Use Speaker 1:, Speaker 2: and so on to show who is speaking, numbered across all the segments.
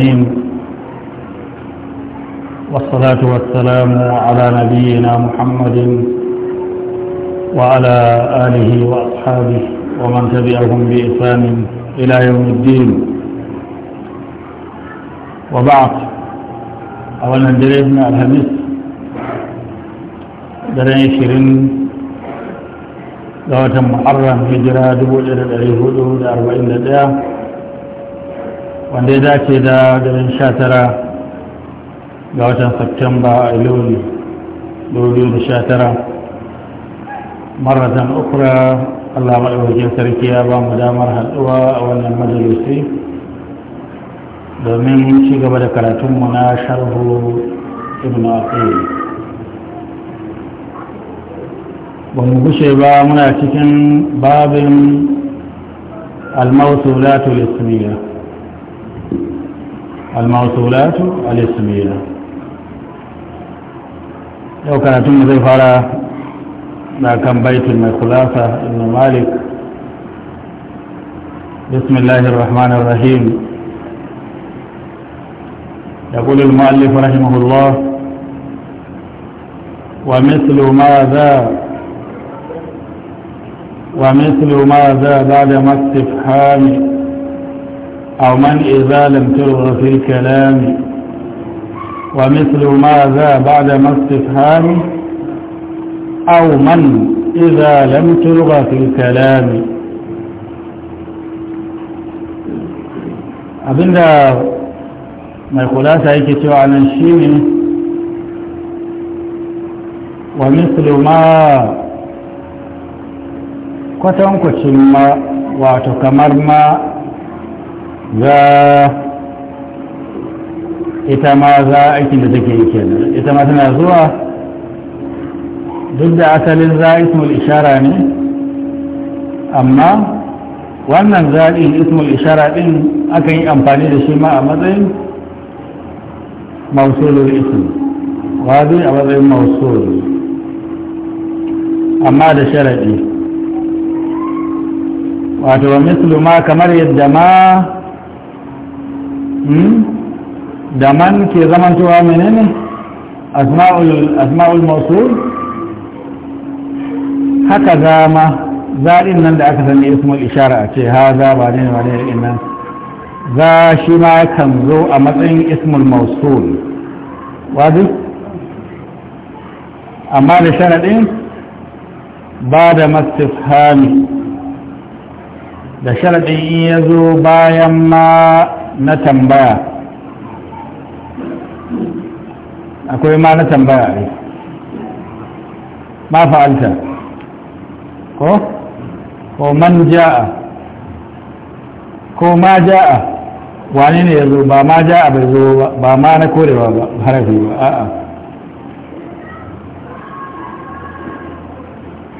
Speaker 1: الرجيم والصلاة والسلام على نبينا محمد وعلى آله وأصحابه ومن تبعهم بإحسان إلى يوم الدين وبعد أولا دريبنا الهمس درين شرين محرم ga watan muharram hijira لديه wanda ya dace da garin sha tara ga watan Satumba a Ilori 2019 maratan ukura Allah maɗaukacin sarki ya ba mu damar haɗuwa a wannan majalisi domin ci gaba da karatunmu na sharhu ibn Aqil ba mu gushe ba muna cikin babin almautulatul ismiya الموصولات الاسمية لو كانت مضيفة ما كان بيت من خلاصة ابن مالك بسم الله الرحمن الرحيم يقول المؤلف رحمه الله ومثل ماذا ومثل ماذا بعد ما استفهام أو من إذا لم ترغ في الكلام ومثل ماذا بعد ما استفهام أو من إذا لم تلغ في الكلام أبدا ما يقول أي كتوع عن الشيء ومثل ما كتنك كتن ما واتكمر ما za ita ma za aikin da take yi kenan ita ma tana zuwa duk da asalin za ismul ishara ne amma wannan zaɗin ismul ishara ɗin aka yi amfani da shi ma a matsayin mausulul ism wazi a matsayin mausul amma da sharaɗi wato wa mislu ma kamar yadda ma Hmm? da man ke zamantowa menene asma'ul mausul haka zama zaɗin nan da aka sani ismul ishara a ce ha za ba ne ba ne nan za shi ma kan zo a matsayin ismul mausul wadu amma da sharaɗin ba da hami da sharaɗin iya zo bayan ma na tambaya akwai ma na tambaya ne ma fa'alta ko ko man ja'a ko ma ja'a wani ne ya zo ba ma ja'a bai zo ba ma na korewa ba harafi ba a'a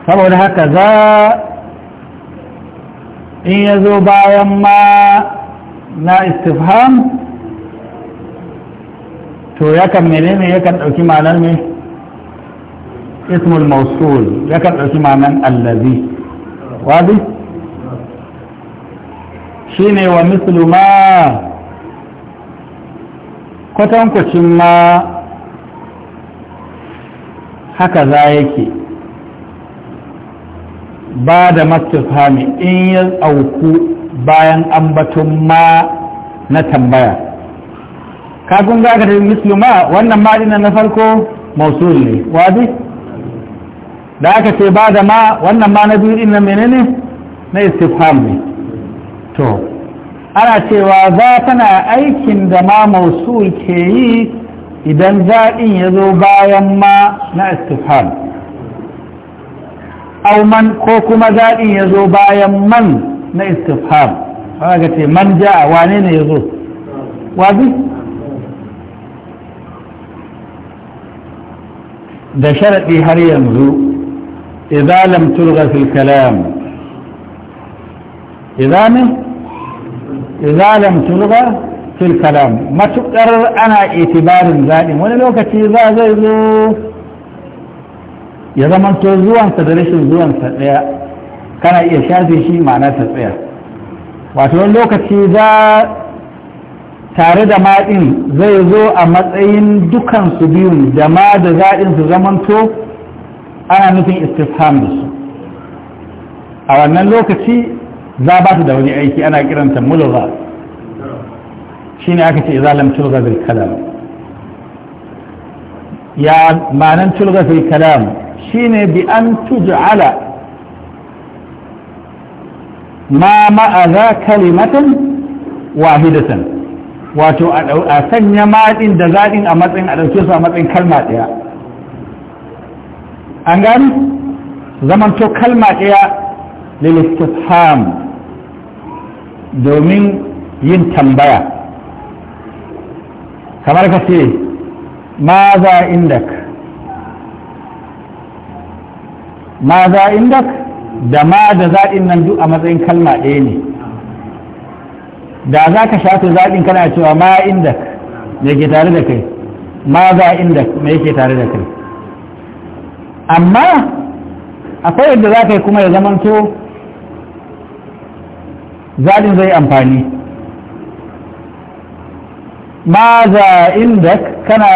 Speaker 1: saboda haka za in ya zo bayan ma na istifham to yakan menene yakan ɗauki ma'anar ne ismul mausul yakan ɗauki ma'anar allazi Shi ne wa musulma? ma kwatankwacin ma haka za yake ba da mastifhami in ya auku bayan ambaton ma na tambaya kagun ga tafi mislu ma wannan ma na farko mausul ne wadi da aka ce ba da ma wannan ma na biyu din nan menene na istifham ne to ana cewa za tana aikin da ma mausul ke yi idan zaɗin ya zo bayan ma na istifham auman ko kuma zaɗin ya zo bayan man na istifham haka ce man ja'a wane ne ya zo wazi da sharaɗi har yanzu idza lam tulgha fil kalam idza ne idza lam tulgha fil kalam matukar ana itibarin zaɗin wani lokaci za zai zo ya zamanto zuwansa da rashin zuwansa ɗaya kana iya shafe shi ma'ana ta tsaya wato wani lokaci za tare da maɗin zai zo a matsayin dukan su biyun da ma da zaɗin su zamanto ana nufin istifham da su a wannan lokaci za ba da wani aiki ana kiranta mulza shi ne aka ce izalam tulga bil kalam ya ma'anan tulga bil kalam shine bi an ala. ma ma'aza kalimatan wahidatan wato a sanya maɗin da zaɗin a matsayin a ɗauke su a matsayin kalma ɗaya an gani zamanto kalma ɗaya lilistifham domin yin tambaya kamar ka ce ma za indak ma za indak da ma da zaɗin nan duk a matsayin kalma ɗaya ne da za ka shafe zaɗin kana cewa ma inda me ke tare da kai ma za inda me ke tare da kai amma akwai yadda za ka yi kuma ya to zaɗin zai amfani ma za inda kana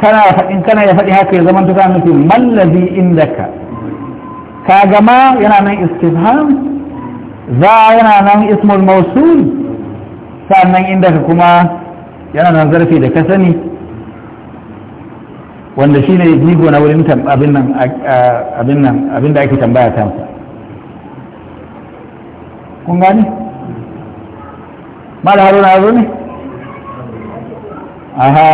Speaker 1: kana faɗin kana ya faɗi haka ya zamanto kana nufin mallazi inda ka kagama yana nan istifham za yana nan ismul mausul sannan inda ka kuma yana nan zarfi da ka sani wanda shi ne jigo na wurin abin da ake tambaya kansa kun gani? mala haruna zo ne? aha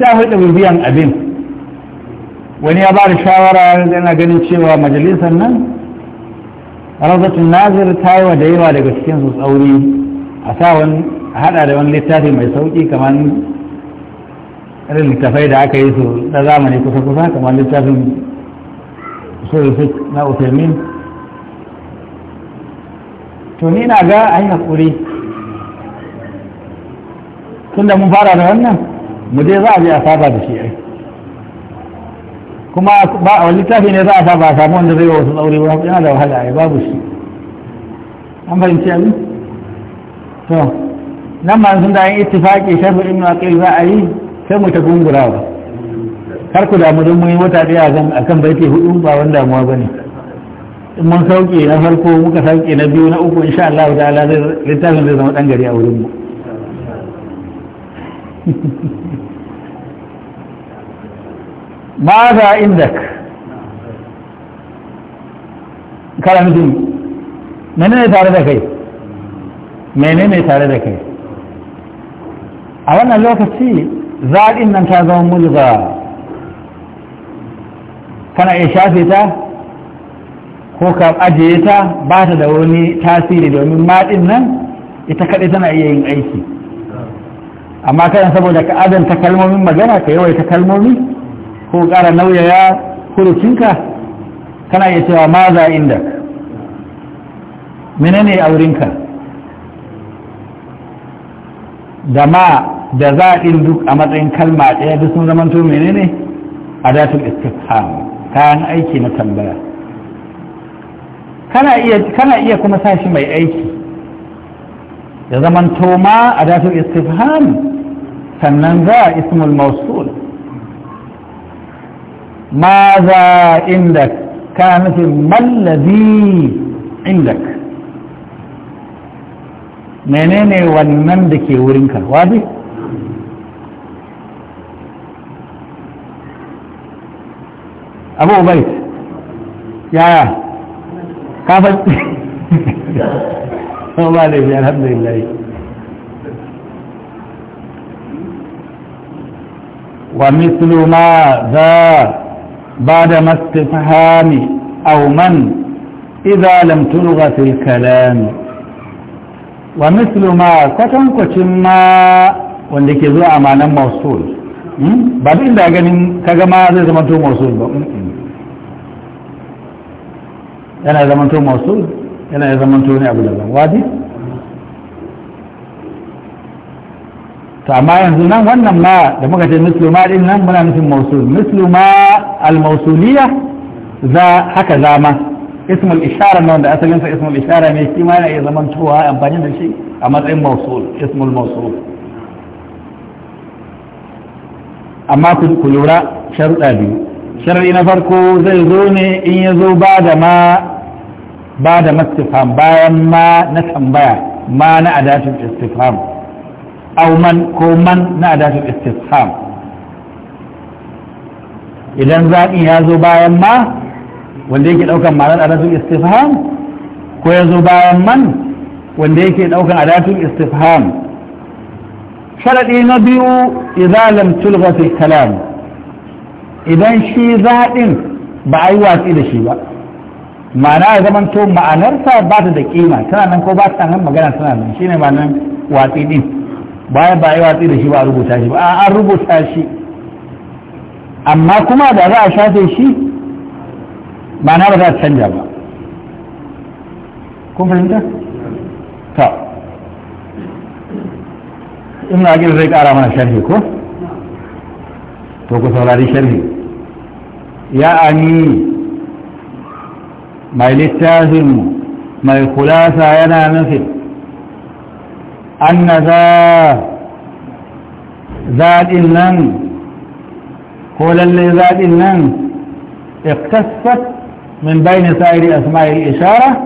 Speaker 1: ta hudu biyan abin wani ya ba da shawara yana ganin cewa majalisar nan rawatun nazir ta yi wa da yawa daga cikin su tsauri a sa wani hada da wani littafi mai sauki kamar irin littafai da aka yi su na zamani kusa-kusa kamar littafin sulfik na utemin to ni na ga a yi haƙuri tun da mun fara da wannan mu je za a je a saba da shi ai kuma ba a littafi ne za a saba a samu wanda zai wasu tsauri ba yana da wahala ai babu shi an fahimci abin to nan ma sun da yin ittifaqi shafi ibn aqil za a yi sai mu ta gungurawa kar ku damu don mun yi wata daya kan akan baiti hudu ba wani damuwa bane in mun sauke na farko muka sauke na biyu na uku insha Allah ta'ala littafin zai zama dan gari a wurin mu ماذا عندك kana nufin menene tare da kai menene tare da kai a wannan lokaci zaɗin nan ta zama mulga kana iya shafe ta ko ka ajiye ta ba ta da wani tasiri domin maɗin nan ita kaɗai tana iya yin aiki amma kana saboda ka adanta kalmomin magana ka yawaita kalmomi ko ƙara nauyaya hurucinka kana iya cewa maza inda menene aurinka da ma da za in duk a matsayin kalma ɗaya duk sun zamanto menene a datul istifham kayan aiki na tambaya kana iya kuma sashi mai aiki ya zamanto ma a datul istifham sannan za ismul mausul maza inda kana nufin mallazi indak menene wannan da ke wurinka wadi abu bai yaya kafin ba da biyar alhamdulillah ومثل ما ذا بعد ما استفهام او من اذا لم تلغ في الكلام ومثل ما كتنكتن ما وانك يزوء معنا موصول بعد إلا أجنين كما زي تو موصول انا أنا تو موصول انا أنا زمنتوني أبو دبا وادي to amma yanzu nan wannan ma da muka ce musluma din nan muna nufin mausul musluma al mausuliya za haka zama ismul ishara nan da ismul ishara ne shi ma yana iya zaman towa amfani da shi a matsayin mausul ismul mausul amma ku lura sharuɗa biyu sharri na farko zai zo ne in ya zo ba da ma ba da mastifam bayan ma na tambaya ma na adatun istifam Auman ko man na adatul istifham idan zaɓin ya zo bayan ma wanda yake ɗaukan ma'anar adatul istifham ko ya zo bayan man wanda yake ɗaukan adatul istifham sharaɗi na biyu idan lam tulgha fil idan shi zaɗin ba a yi watsi da shi ba ma'ana ya zama to ma'anarsa ba ta da kima tana nan ko ba ta nan magana tana nan shine ma'anar watsi din bayan ba yi watsi da shi ba a rubuta shi ba an rubuta shi amma kuma da za a shafe shi ba na ba za a canja ba
Speaker 2: kun fahimta? ta
Speaker 1: in na gina zai kara mana sharhi ko? to ku saurari sharhi ya ani mai littafin mai kulasa yana nufin Anna na zaɗin nan ko lalle zaɗin nan iktasfat min bayanin sa'iri asma'il ishara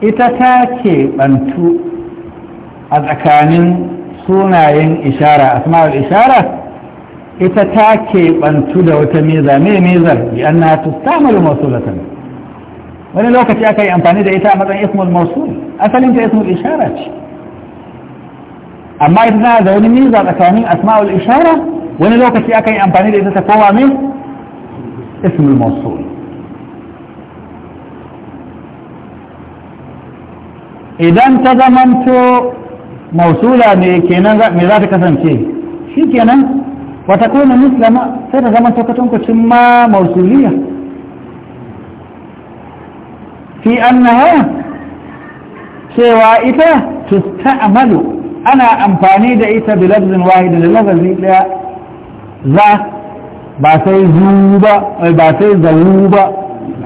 Speaker 1: ita ta ke keɓantu a tsakanin sunayen ishara Asma'il ishara ita ta ke keɓantu da wata meza mai mezar bi an na tustamar mausulatan wani lokaci aka yi amfani da ita a matsayin ismul mausul asalin ta ismul ishara ce amma ita tana da wani miza tsakanin asma'ul ishara wani lokaci aka yi amfani da ita ta koma min ismul idan ta zamanto mausula ne kenan me za ta kasance shi kenan wata kone musulama sai ta zamanto katankwacin ma mausuliya fi annaha cewa ita amalu أنا أمفاني دا إيتا بلفظ واحد للفظ إيتا ذا باسي زوبا أي باسي زوبة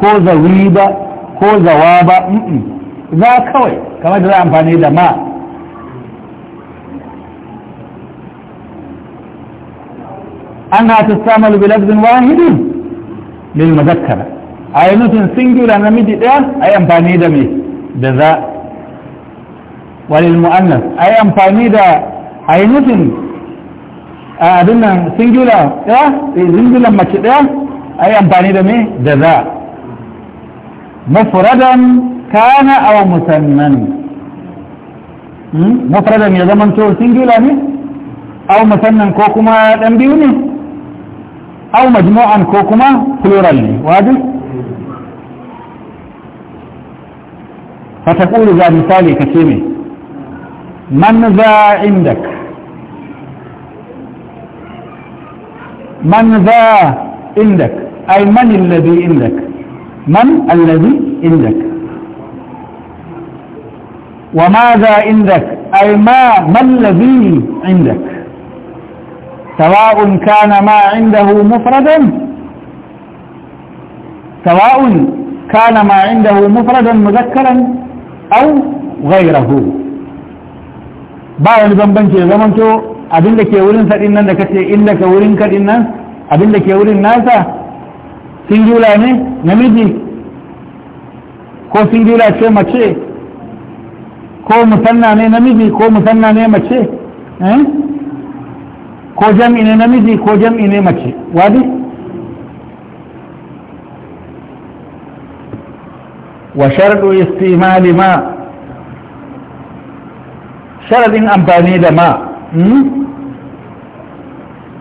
Speaker 1: كو زويبة كو زوابة ذا كوي كما جدا أمفاني دا ما أنها تستعمل بلفظ واحد للمذكرة أي نتن سنجل أنا ميدي إيه أي أمفاني دا مي ذا وللمؤنث اي امفاني دا اي نوتن آه، ابنا سنجولا ايه سنجولا مكتب ايه اي امفاني دا مي دا ذا مفردا كان او مسنن مفردا يا زمن تو سنجولا مي او مسنن كوكما دنبيوني او مجموعا كوكما فلورالي واجه فتقول ذا مثالي كثيري من ذا عندك من ذا عندك أي من الذي عندك من الذي عندك وماذا عندك أي ما ما الذي عندك سواء كان ما عنده مفردا سواء كان ما عنده مفردا مذكرا أو غيره ba wani bambanci zamanto abin da ke wurin sadin nan da kace inda ka wurin kadin nan abin da ke wurin nasa singula ne namiji ko singula ce mace ko musanna ne namiji ko musanna ne mace eh? ko jam'i ne namiji ko jam'i ne mace wadi wa sharɗu istimali ma sharadin amfani da ma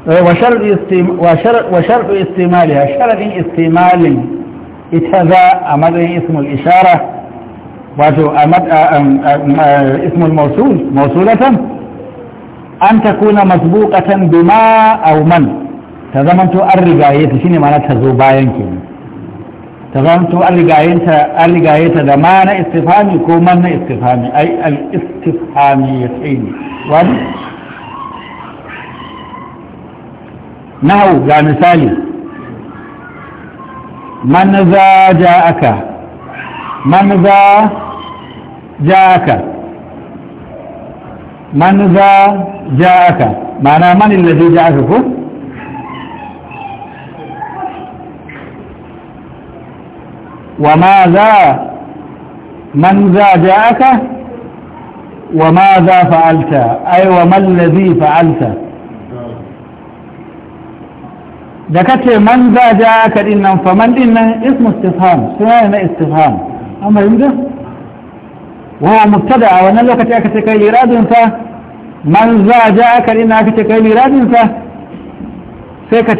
Speaker 1: wa istimali istimaliya sharadin istimalin ita za a madayin ismul ishara wato a ismul mausulatan an ta kuna masbukatan bima au man ta zamanto an rigaye ta shine na ta zo bayan kenan تفهمتوا الرجايتة الرجايتة ده معنى استفهامي كو استفهامي أي الاستفهاميتين واضح؟ نهو يا مثالي من ذا جاءك من ذا جاءك من ذا جاءك معنى من الذي جاءك وماذا من ذا جاءك وماذا فعلت اي وما الذي فعلت ذكرت من ذا جاءك ان فمن ان اسم استفهام سؤال استفهام اما عند وهو مبتدع وان لو كتبت كتابك الاراد من ذا جاءك ان كتبت كتابك الاراد انت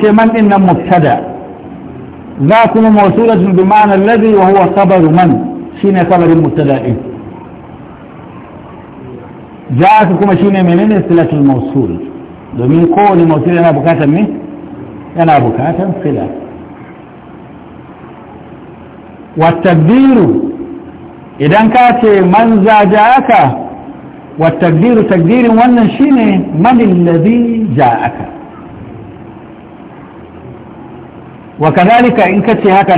Speaker 1: من ان مبتدع ذا كما موصولة بمعنى الذي وهو خبر من شين خبر المبتدا جاءت كما شين منين صلة الموصول domin kowane motsi yana bukatar ne yana bukatar sila wattabiru idan ka ce man zaja'aka wattabiru takdirin wannan shine manin lazi ja'aka وكذلك إن كنت هكا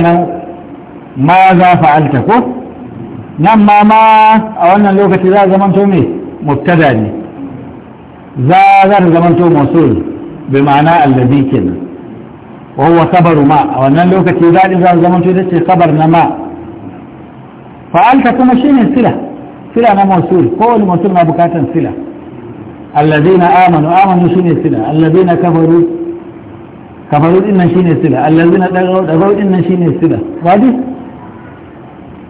Speaker 1: ماذا فعلتك نما ما أو أولا لوكة ذا زمنتو مي مبتداني ذا ذا زمنتو موصول بمعنى الذي كنا وهو صبر ما أولا لوكة ذا ذا زمنتو ذا صبر نما فعلتك مشين سلة سلة نموصول قول موصول ما بكاتا سلة الذين آمنوا آمنوا شين سلة الذين كفروا kafaru din nan shine sila allazina dagaw dagaw din nan shine sila wadi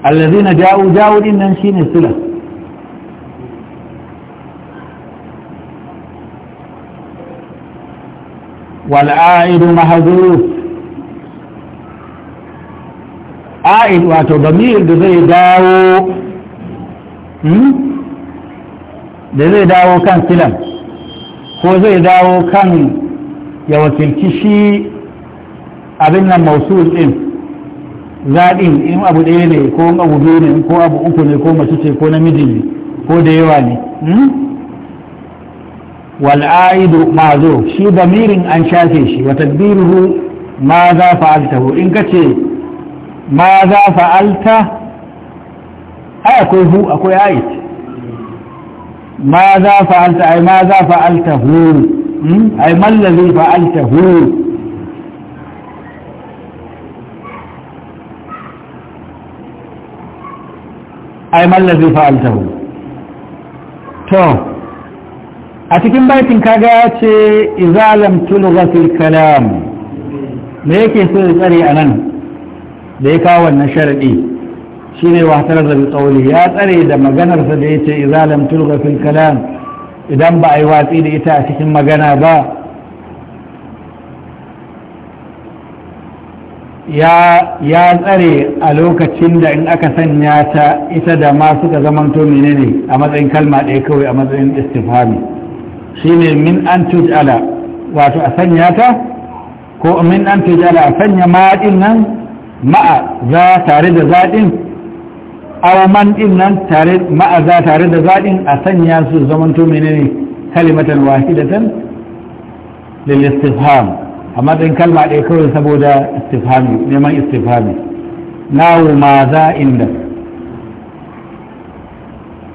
Speaker 1: allazina ja'u ja'u din nan shine sila والعائد محذوف عائد واتو ضمير بزي داو بزي داو كان سلم هو زي داو كان ya wakilci shi abin nan mausul din zaɗin in abu ɗaya ne ko abu biyu ne ko abu uku ne ko mace ce ko namiji ne ko da yawa ne hmm? wal'aidu zo? shi damirin an shafe shi wa tadbiruhu ma za fa'altahu in ka ce ma za fa'alta ai akwai hu akwai ait ma za fa'alta ai ma za hu? Hmm? ai mallazi fa'alta hu ai mallazi fa'alta hu to a cikin bakin kaga ya ce izalam tulghatil kalam me yake so ya tsare a nan da ya kawo wannan sharadi shine wa tarar da tsauli ya tsare da maganarsa da yace izalam tulghatil idan ba a yi watsi da ita a cikin magana ba ya tsare a lokacin da in aka sanya ta ita da ma suka zamanto menene a matsayin kalma ɗaya kawai a matsayin Shi shine min an tujala wato a sanya ta ko min an tujala a sanya ma'a nan ma'a za tare da zaɗin aw man din nan tare ma'aza tare da zaɗin a sanya su zamanto menene kalimatan wahidatan lil istifham amma din kalma ɗaya kawai saboda istifhami neman istifhami nawo ma za inda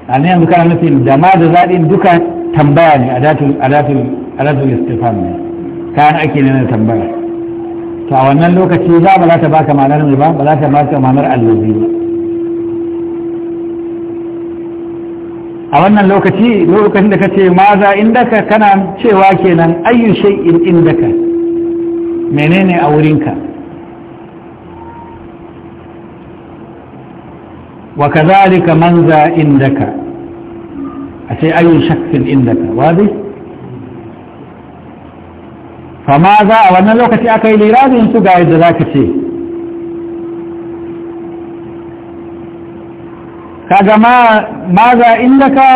Speaker 1: a ne yanzu kana nufin da ma da zaɗin duka tambaya ne a datul istifham ne kayan ake nuna tambaya to a wannan lokaci za ba za ta baka ma'anar mai ba ba za ta baka ma'anar allazi ba a wannan lokaci lokacin da kace maza indaka kana cewa kenan ayyu shay'in indaka menene a wurinka wa kadhalika manza indaka ace ayyu shakkin indaka wadi fa maza a wannan lokaci akai liradin su ga yadda zaka ce kaga ma maza ka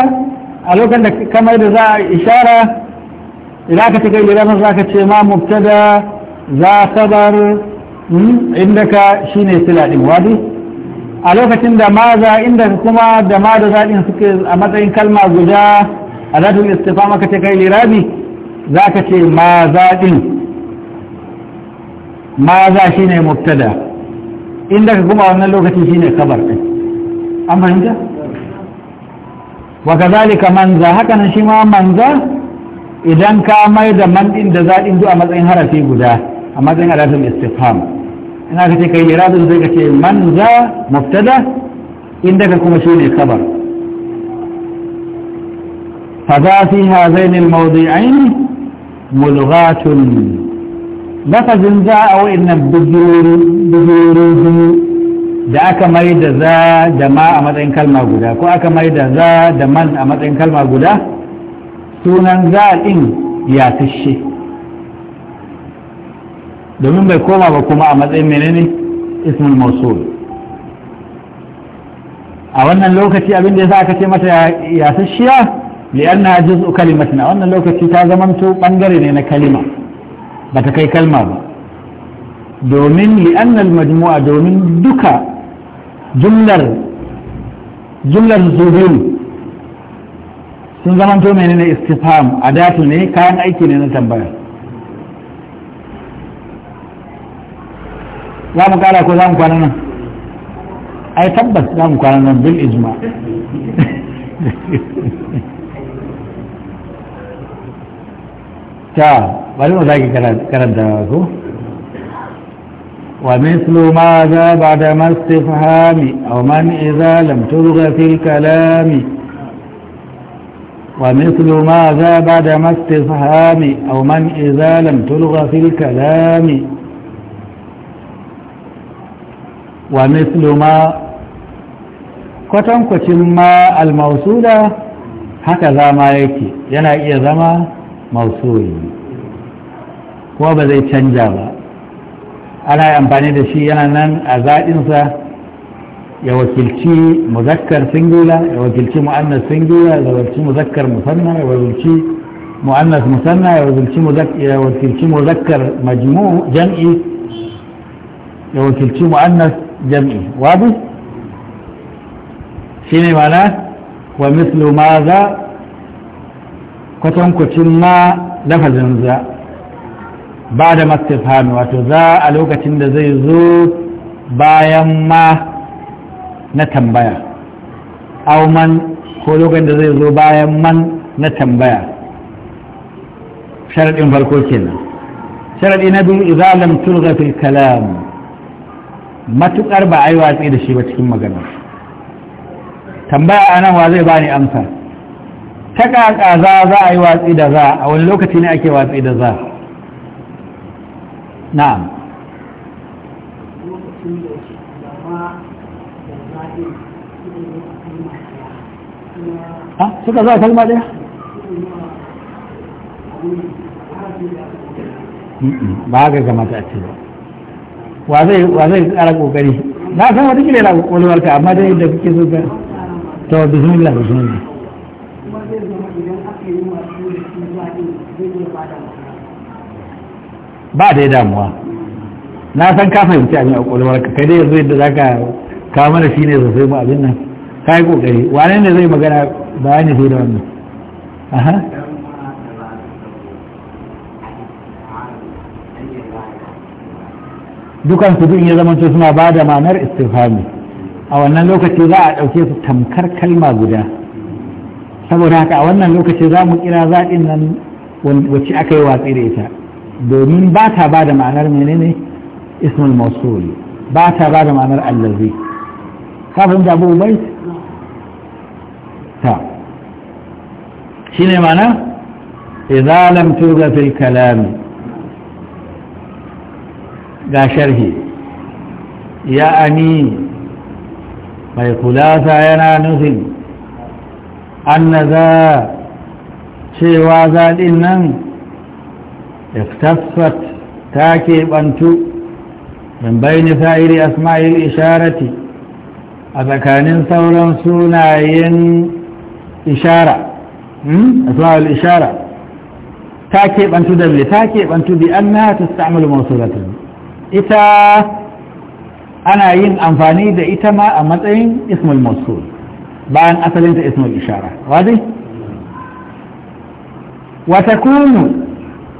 Speaker 1: a lokacin da kamar da za a ishara idan ka take gidan za ka ce ma mubtada za inda ka hmm, shi ne din wadi a lokacin da maza ka kuma da ma da zadin suke a matsayin kalma guda a zatul istifama ka ce kai lirabi za ka ce ma zadin ma za shine mubtada indaka kuma wannan lokaci ne khabar ɗin. an fahimta wa manza haka nan shi ma manza idan ka mai da man din da zadin du a matsayin harafi guda a matsayin harafin istifham ina ka ce kai iradun zai kace manza mubtada inda ka kuma shi ne fada fi في al mawdi'ain mulghatun lafazin ذا أو inna بجور بجور da aka mai da za da ma a matsayin kalma guda ko aka mai da za da man a matsayin kalma guda sunan za ɗin ya tashe domin bai koma ba kuma a matsayin menene ismul mausul a wannan lokaci abin da ya sa aka ce mata ya tashiya li'anna juz'u kalimatin a wannan lokaci ta zamanto bangare ne na kalima ba ta kai kalma ba domin li'annal majmu'a domin duka jumlar jumlar zubin sun zamanto menene istifham adatu ne kayan aiki ne na tambaya za mu kara ko za mu kwana nan ai tabbas za mu kwana nan bil ijma ta bari mu zaki karanta ko ومثل ماذا ما استفهام أو من إذا لم تلغ في الكلام ومثل ماذا ما استفهام أو من إذا لم تلغ في الكلام ومثل ما كتم كتم ما الموصولة هكذا ما يكي iya zama mausuli kuma ba ana amfani da shi yana nan a zaɗinsa ya wakilci muzakkar singula ya wakilci mu'annas singula ya wakilci muzakkar musanna ya wakilci mu'annas musanna ya wakilci muzakkar majmu jam'i ya wakilci mu'annas jam'i wadu shine mana wa mislu ma za kwatankwacin ma lafazin za ba da mastifhami wato za a lokacin da zai zo bayan ma na tambaya auman ko lokacin da zai zo bayan man na tambaya sharaɗin farko kenan sharaɗi na biyu izalam turga fil kalam matuƙar ba a yi watsi da shi ba cikin magana tambaya anan wa zai bani amsa ta ƙaƙa za a yi watsi da za a wani lokaci ne ake watsi da za na'am
Speaker 2: ah, suka za kalma daya
Speaker 1: ba ga gama ta ce ba wa zai wa zai na san wata kila da kwalwar ka amma dai da kuke so ka to bismillah bismillah
Speaker 2: kuma zai zama idan
Speaker 1: ba da damuwa na san ka fahimci a a kwalwar ka kai dai yanzu yadda za ka kawo mana shi ne sosai mu abin nan ka yi ƙoƙari wane ne zai magana bayani sai da wannan aha dukan su duk ya zama su suna ba da ma'anar istifami a wannan lokaci za a ɗauke su tamkar kalma guda saboda haka a wannan lokaci za mu kira zaɗin nan wacce aka yi watsi da ita domin ba ta ba da ma'anar menene ismul mausul ba ta ba da ma'anar allazi kafin da abu ta shi ne mana idza lam turga fil ga sharhi ya ani mai kulasa yana nufin an na za cewa zaɗin nan اختصت تاكي بنتو من بين سائر أسماء الإشارة أذكان ثورا سناين إشارة أسماء الإشارة تاكي بنتو دبلي تاكي بنتو بأنها تستعمل موصولة إتا أنا ين أنفاني دا إتما أمتين اسم الموصول بأن أصل إنت اسم الإشارة واضح وتكون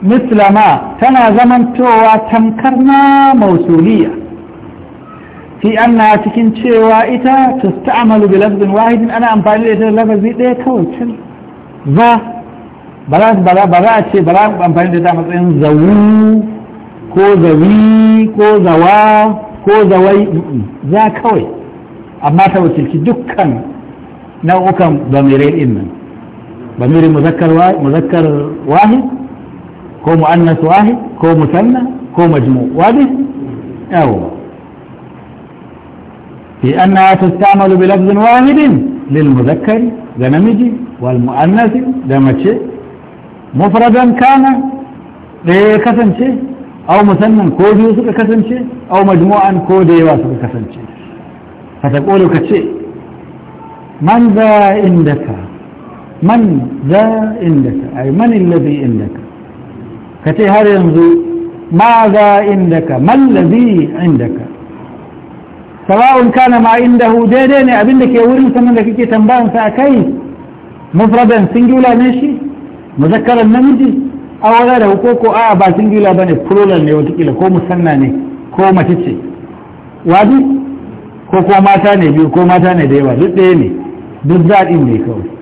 Speaker 1: mislama tana zamantowa tamkar na mausuliya fi anna cikin cewa ita ta tusta'malu bi lafzin wahidin ana amfani da ita da lafazi ɗaya kawai cin za ba za a ce ba za a amfani da ita matsayin zawu ko zawi ko zawa ko zawai za kawai amma ta wakilci dukkan nau'ukan bamirai ɗin nan bamirin muzakkar wahid كو مؤنث واحد كو مثنى كو مجموع واضح أو لانها تستعمل بلفظ واحد للمذكر دمجي والمؤنث ده مفردا كان كسنشي أو مثنى كو يوسف كسنشي أو مجموعا كو يوسف كسنشي فتقول كتشي من ذا عندك من ذا عندك أي من الذي عندك ka ce har yanzu ma za indaka mallazi indaka sawa'un kana ma inda hu? daidai ne abinda ke wurin saman da kake tambayan sa kai mufradan singular ne shi muzakkaran namiji aw ghayrahu ko ko a ba singular bane plural ne wata ko musanna ne ko mace ce wadi ko ko mata ne biyu ko mata ne da yawa duk ɗaya ne duk zaɗin ne kawai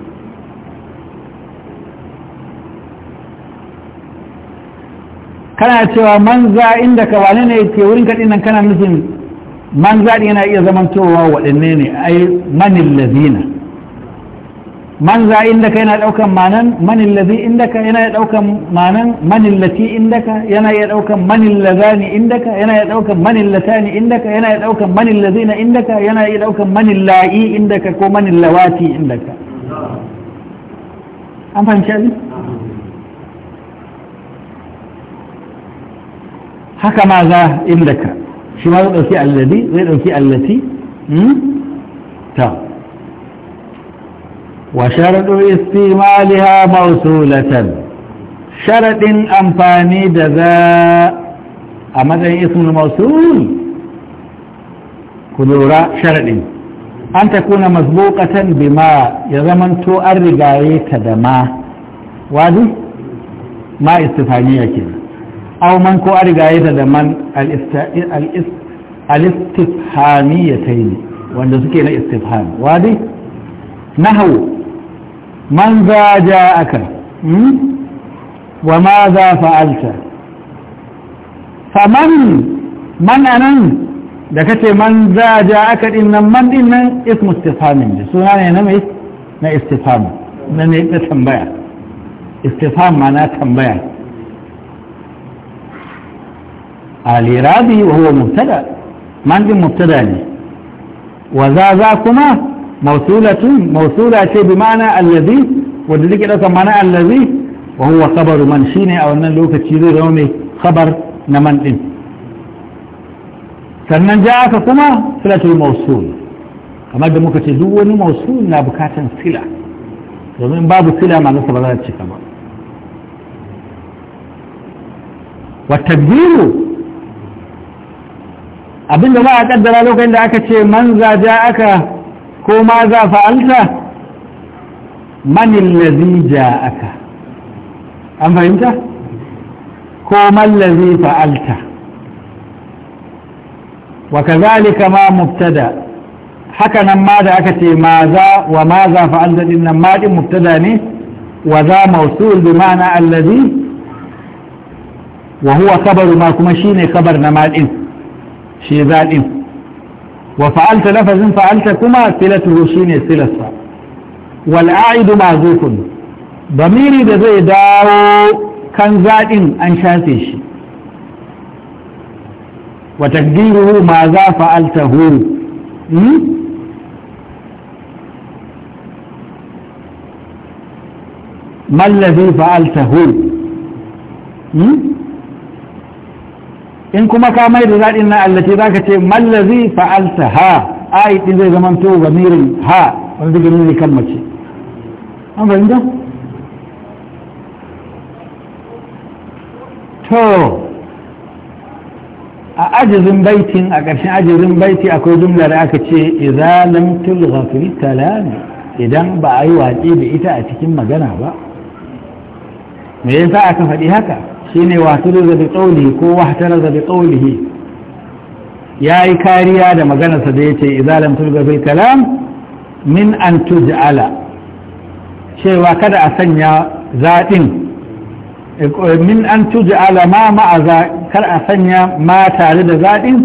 Speaker 1: kana cewa manza za inda ka wani ne ke wurin kaɗin nan kana nufin man za yana iya zaman cewa waɗanne ne ai manin lazina manza za inda ka yana ɗaukan manan manin lazi inda ka yana iya ɗaukan manan manin lati inda ka yana iya ɗaukan manin lazani inda ka yana iya ɗaukan manin latani inda ka yana iya ɗaukan manin lazina inda ka yana iya ɗaukan manin la'i inda ka ko manin lawati inda ka an fahimci haka ma za inda ka shi ma zai ɗauki alladi zai ɗauki allati hmm? ta wa sharaɗu istimaliha mausulatan sharaɗin amfani da za a matsayin ismul mausul ku lura sharaɗin an ta kuna masbukatan bima ya zaman to an rigaye ta da ma wadi ma istifaniya kenan أو من كو أرغاية لمن الاستفهاميتين وأن تسكينا استفهام وادي نهو من ذا جاءك وماذا فعلت فمن من أنن دكتي من ذا جاءك إن من إن اسم استفهام سنانا ينمي استفهام من يتنبع استفهام معناه تنبع الإرادي وهو مبتدا ما عندي مبتدا لي يعني. وذا ذاكما موصولة موصولة شيء بمعنى الذي وذلك إذا معنى الذي وهو خبر من شيني أو أن لوك تشيري رومي خبر نمن إن فمن جاءك كما kuma الموصول كما دموك da موصول ce duk ومن باب na ما نصب domin babu كما manasa abinda ba a kaddara lokacin da aka ce man za ja aka ko ma za fa'alta manin lazi ja aka an fahimta? ko man lazi fa'alta wa kazalika ma mubtada haka nan ma da aka ce ma za wa ma za fa'alta din nan ma din mubtada ne wa za mausul bi ma'ana allazi wa huwa kabaru ma kuma shine kabar na ma din shi zaɗin wa fa'alta lafazin fa'alta kuma silatuhu shine silarsa wal a'idu ma'zufun bamiri da zai dawo kan zaɗin an shafe shi wa takdiruhu ma za fa'altahu ما الذي فعلته in kuma ka mai da zaɗin na allace za ka ce mallazi fa'alta ha ai ɗin zai zama to ga mirin ha wani zai gani kan mace an to a ajizin baitin a ƙarshen ajizin baiti akwai jumla da aka ce idza lam tulgha idan ba a yi watsi da ita a cikin magana ba me yasa aka faɗi haka shine wahtaraza bi qawlihi ko wahtaraza bi qawlihi yayi kariya da maganarsa da yace idza lam tulga bil kalam min an tuj'ala cewa kada a sanya zadin min an tuj'ala ma ma'a kar a sanya ma tare da zadin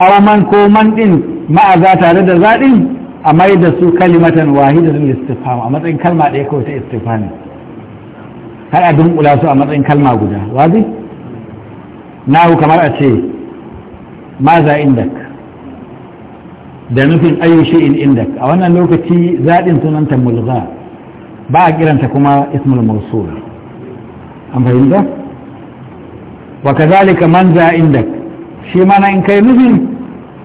Speaker 1: aw man ko man din ma'aza tare da zadin a mai da su kalimatan wahidatul istifham a matsayin kalma ɗaya kawai ta istifham har a dunkula su a matsayin kalma guda wazi nahu kamar a ce maza indak da nufin ayyushe in indak a wannan lokaci zaɗin sunanta Mulza ba a kiranta kuma ismul mausul an fahimta wa kazalika man za indak shi mana in kai nufin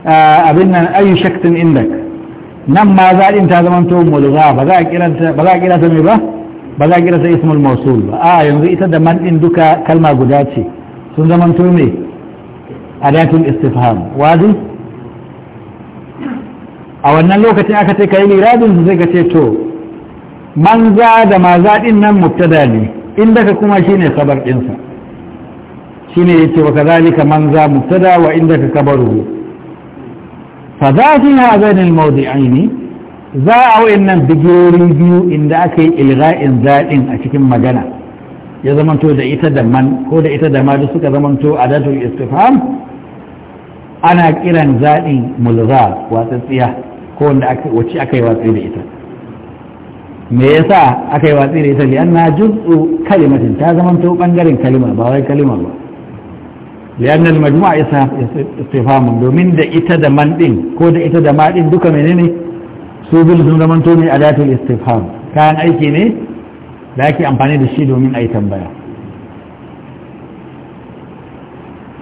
Speaker 1: abin nan ayyushaktin indak nan ma zaɗin ta zamanto mulga ba za a kiranta mai ba ba za kira sai ismul mausul ba a yanzu ita da man duka kalma guda ce sun zama to ne adatul istifham wazi a wannan lokacin aka ce kai liradin su sai ka ce to man za da ma za din nan mubtada ne inda ka kuma shine sabar din sa shine yace wa kadhalika man za mubtada wa inda ka kabaru fa za fi hadain al mawdi'aini za a wayannan bigirori biyu inda aka yi ilga'in zaɗin a cikin magana ya zamanto da ita da man ko da ita da ma duk suka zamanto a datul istifham ana kiran zaɗin mulza watsatsiya ko wanda aka wacce aka yi watsi da ita me yasa aka yi watsi da ita li'anna juz'u kalimatin ta zamanto bangaren kalima ba wai kalima ba li'anna al-majmu'a istifham domin da ita da man din ko da ita da ma din duka menene ne su bil sun zamanto ne a istifham kayan aiki ne da ake amfani da shi domin a yi tambaya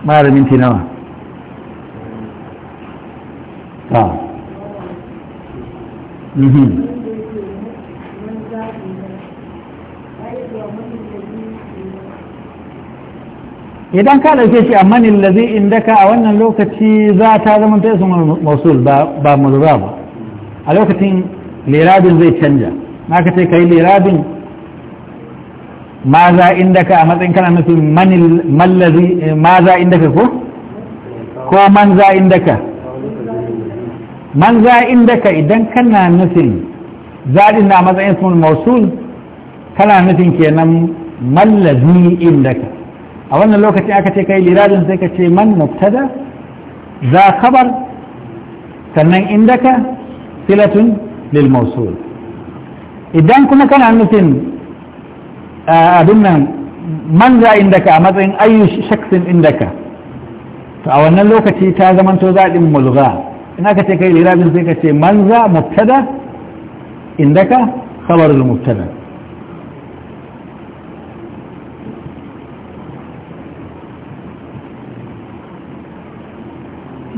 Speaker 1: mara minti nawa ta mhm. idan ka ɗauke shi a manin inda indaka a wannan lokaci za ta zama ta isu mausul ba murra ba a lokacin lirabin zai canja na ka ce ka yi lirabin maza inda ka a matsayin kana nufin mallazi eh, maza inda ka ko ko manza inda ka manza inda ka idan kana nufin zaɗin na matsayin sun mausul kana nufin kenan mallazi inda ka a wannan lokacin aka ce kai liradin sai ka ce man mubtada za kabar sannan inda ka. صلة للموصول إذن كنا كان عن مثل أدنى آه، من ذا عندك أمدرين أي شخص عندك فأولنا لوكا تيتا زمن توزاء للملغاء إنك تيكي لرابن زيكا تي من ذا مبتدى عندك خبر المبتدى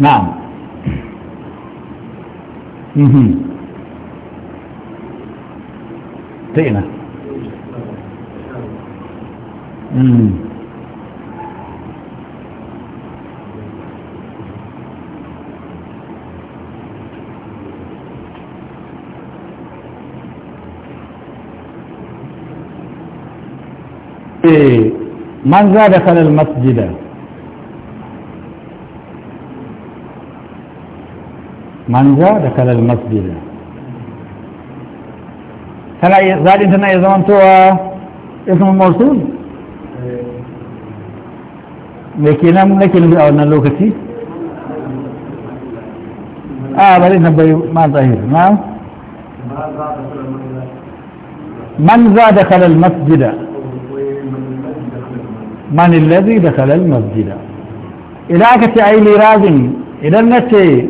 Speaker 1: نعم ta إيه، من زاد خل المسجد من جاء دخل المسجد هل ذلك انتنا يزمن توا آه، اسم الموصول مكينا مكينا في اولنا لوكتي اه بل نبي ما ظاهر ما نعم. من ذا دخل المسجد من الذي دخل المسجد إذا كنت أي لراز إذا نتي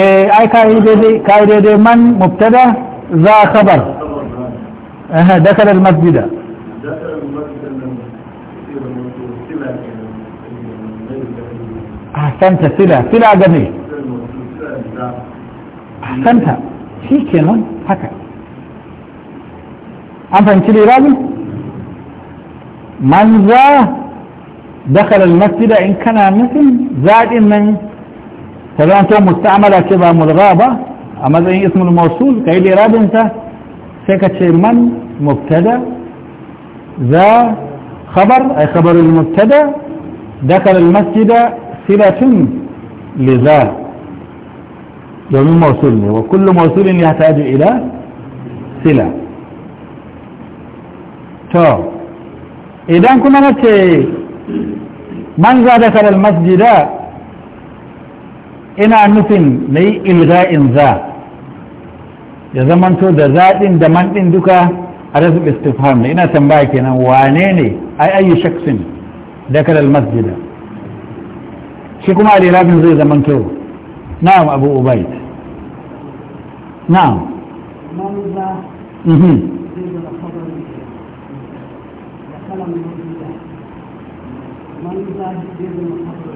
Speaker 1: eh ai kai daidai kai daidai man mubtada za a kabar dakarar al masjida
Speaker 2: ahsanta sila sila ga me
Speaker 1: ahsanta kenan haka an fahimci lirabi man za dakarar masjida in kana nufin zaɗin nan فلو انت مستعملة تبقى ملغابة اما زي اسم الموصول لي راب انت سكت من مبتدا ذا خبر اي خبر المبتدا دخل المسجد سلة لذا يومين موصول وكل موصول يحتاج الى سلة تو اذا كنا نتي من ذا دخل المسجد ina nufin na yi ilga'in za ya zamanto da zaɗin da man duka a rasu istifham da ina tambaya kenan wane ne ai ayyu shaksin da kalal masjida shi kuma a lirafin zai zamanto na'am abu ubaid na'am من mhm.
Speaker 2: ذا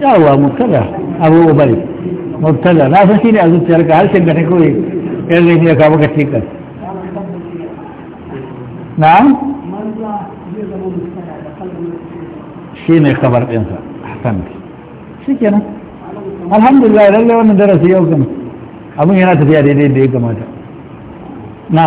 Speaker 2: yawwa mubtada abu ubari
Speaker 1: mubtada na san shine a ka harshen da ta kawai yanzu ne ka maka na? shi ne kabar ɗinsa hakan shi kenan alhamdulillah lalle wannan darasi yau kan abin yana tafiya daidai da ya kamata na.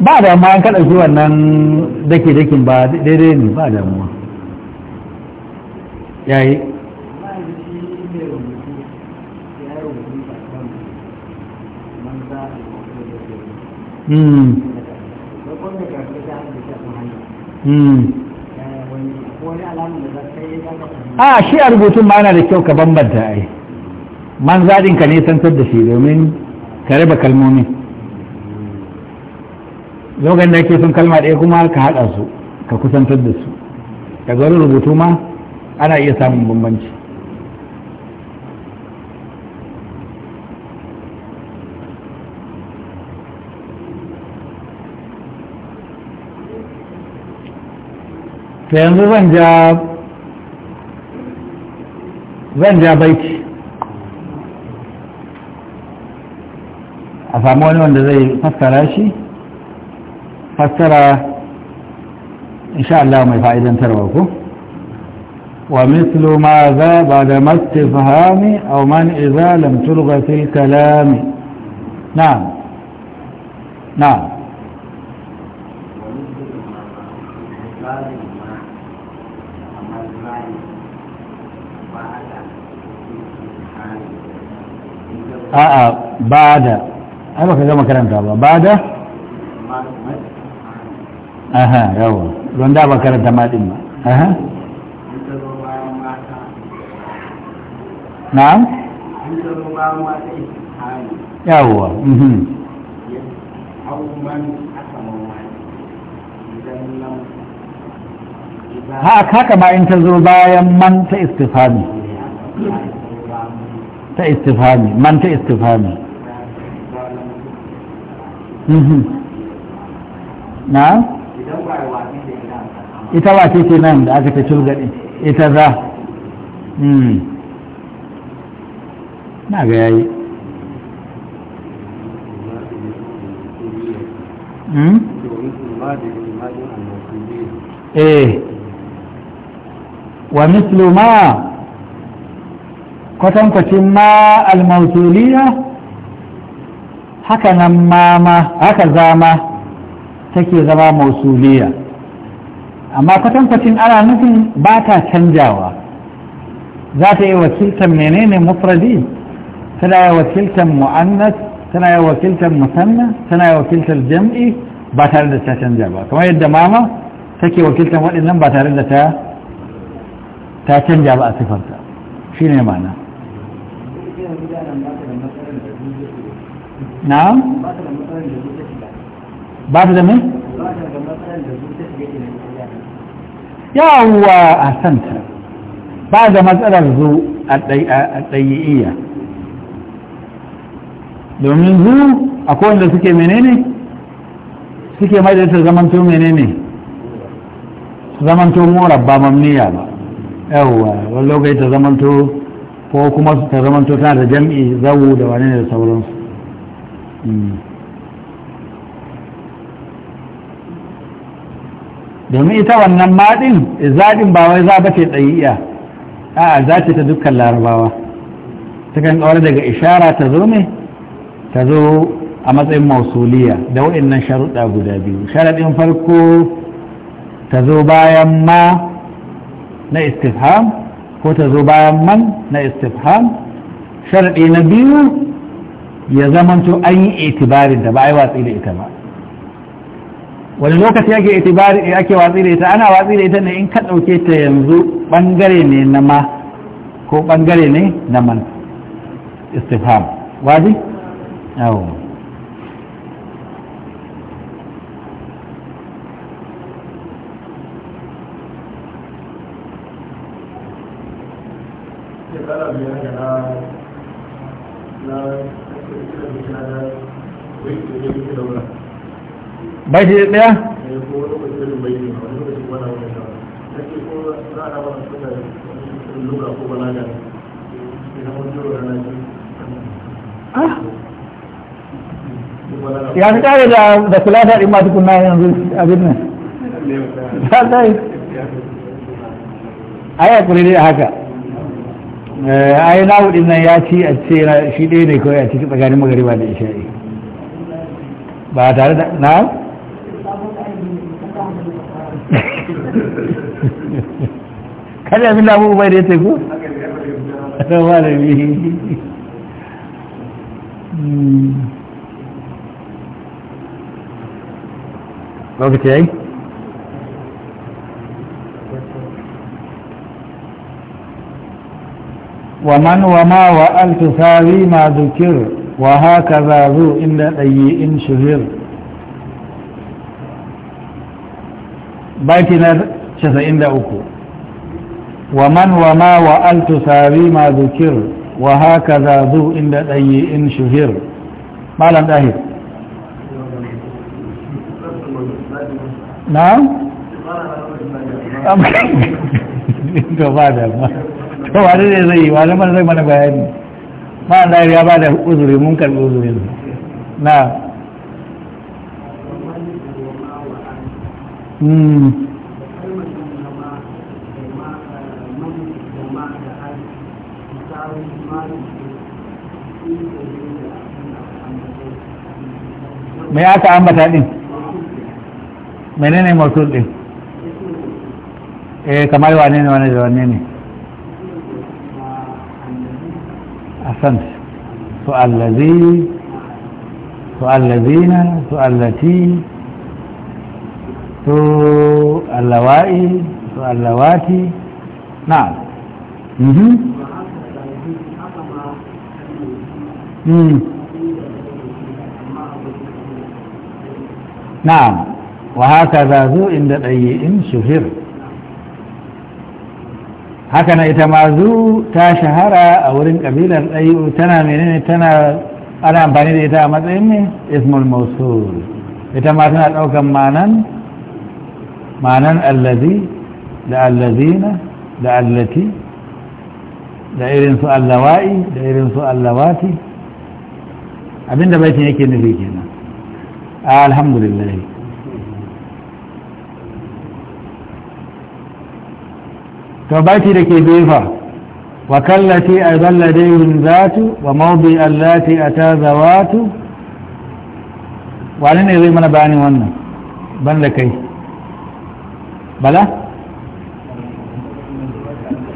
Speaker 1: ba damuwa an kada shi wannan dake-dakin ba daidai ne ba damuwa yayi hmm. Hmm. a shi a rubutun ma yana da kyau ka bambanta ai man zaɗin ka ne tantar da shi domin ka raba kalmomin lokacin da ke son kalma ɗaya kuma ka haɗa su ka kusantar da su daga wani rubutu ma ana iya samun bambanci yanzu zan ja baiti a samu wani wanda zai fassara shi fassara insha Allah mai fa'idantarwa ko wa mislu ma za ba da mastifhami aw man idza lam tulgha fil kalam na'am na'am a'a ba da هذا كذا ما كرنت الله بعد اها يلا لون ده ما كرنت ما دين اها نعم
Speaker 2: يا هو ها هكا ما
Speaker 1: انت بايا من تا استفهامي من تا Mhm. na ita wace ce nan da aka ta gaɗi ita za hmm. na ga yayi hmm? eh wa mislu ma kwatankwacin ma al-mausuliya haka nan mama haka zama take zama mausuliya amma kwatankwacin ana nufin ba ta canjawa za ta yi wakiltar menene mufradi tana yi wakiltar mu'annas tana yi wakiltar musamman tana yi wakiltar jam'i ba tare da ta canja ba kamar yadda mama take wakiltar waɗannan ba tare da ta ta canja ba a sifarta shi ne mana na ba ta da mai a santa ba da matsalar zu a ɗayi'iya domin zu a kowanda suke menene suke majalisa zamanto menene zamanto mora ba mamniya ba yawwa wani lokaci ta zamanto ko kuma ta zamanto tana da jam'i zawu da wani ne da sauransu Mm. domin ita wannan maɗin zaɗin ba wai za ba ce tsayiya a za ce ta dukkan larabawa takan ƙawar daga ishara ta zo ne ta zo a matsayin mausuliya da waɗannan sharuɗa guda biyu sharaɗin farko ta zo bayan ma na istifham ko ta zo bayan man na istifham sharaɗi na biyu ya zamanto an yi itibarin da ba a yi watsi da ita ba wani lokaci ake itibari ake watsi da ita ana watsi da ita ne in ka ɗauke ta yanzu ɓangare ne na ma ko ɓangare ne na man istifam waji? yawo
Speaker 2: Thank you. bai shi daya ya fi
Speaker 1: kare da da kulata ɗin masu kunna yanzu abin nan ta tsaye a yi a haka Eh, ai na hudin nan ya ci a ce shi ɗaya ne kawai a cikin tsakanin magariba da isha'i ba tare da na kada abin da abubuwa da ya teku? Hmm. lokaci ya yi? ومن وما وألف ثاوي ما ذكر وهكذا ذو إلا أي إن شهر بيتنا شسئين لأكو ومن وما وألف ثاوي ما ذكر وهكذا ذو إلا أي إن شهر ما لم تأهد نعم
Speaker 2: أمكن
Speaker 1: انت بعد ما to wani ne zai yi mana zai mana bayani ba na ya ba da uzuri mun karbi uzuri na
Speaker 2: mai hmm. aka ambata din
Speaker 1: menene motul din eh kamar wane ne wane da wane ne الخمس سؤال الذي سؤال الذين سؤال التي سؤال اللوائي سؤال اللواتي نعم مهم. مم. نعم وهكذا ذو عند أي إن شهر haka na ita mazu ta shahara a wurin ƙabilar ɗayu tana menene tana ana amfani da ita a matsayin ne ismul mausul ita ma tana ɗaukan manan manan allazi da allazina da allati da irin su allawa'i da irin su allawati abinda baitin yake nufi kenan alhamdulillah to baki da ke bifa, wa kallati a zalla dairin zatu wa mawbi allati a ta zawatu wani ne zai mana bayanin wannan ban da kai bala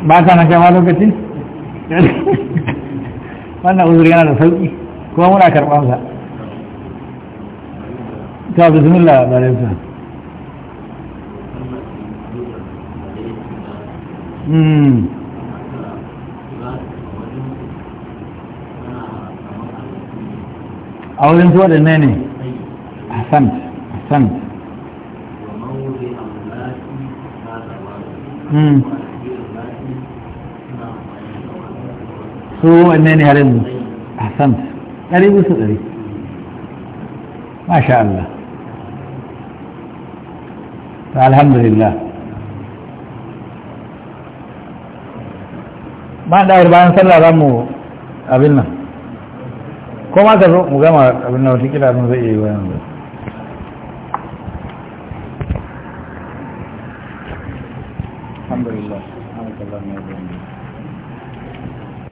Speaker 1: ba ka na kama lokaci wannan yana da muna ta
Speaker 2: أولين
Speaker 1: سؤال الناني أحسنت أحسنت
Speaker 2: وموضع الله هذا
Speaker 1: وعلى الناني هرم أحسنت أريد وسط أريد ما شاء الله فالحمد لله ba da bayan sallah za mu abin nan ko ma ka zo mu gama abin nan wata kila abin zai iya yi wa yanzu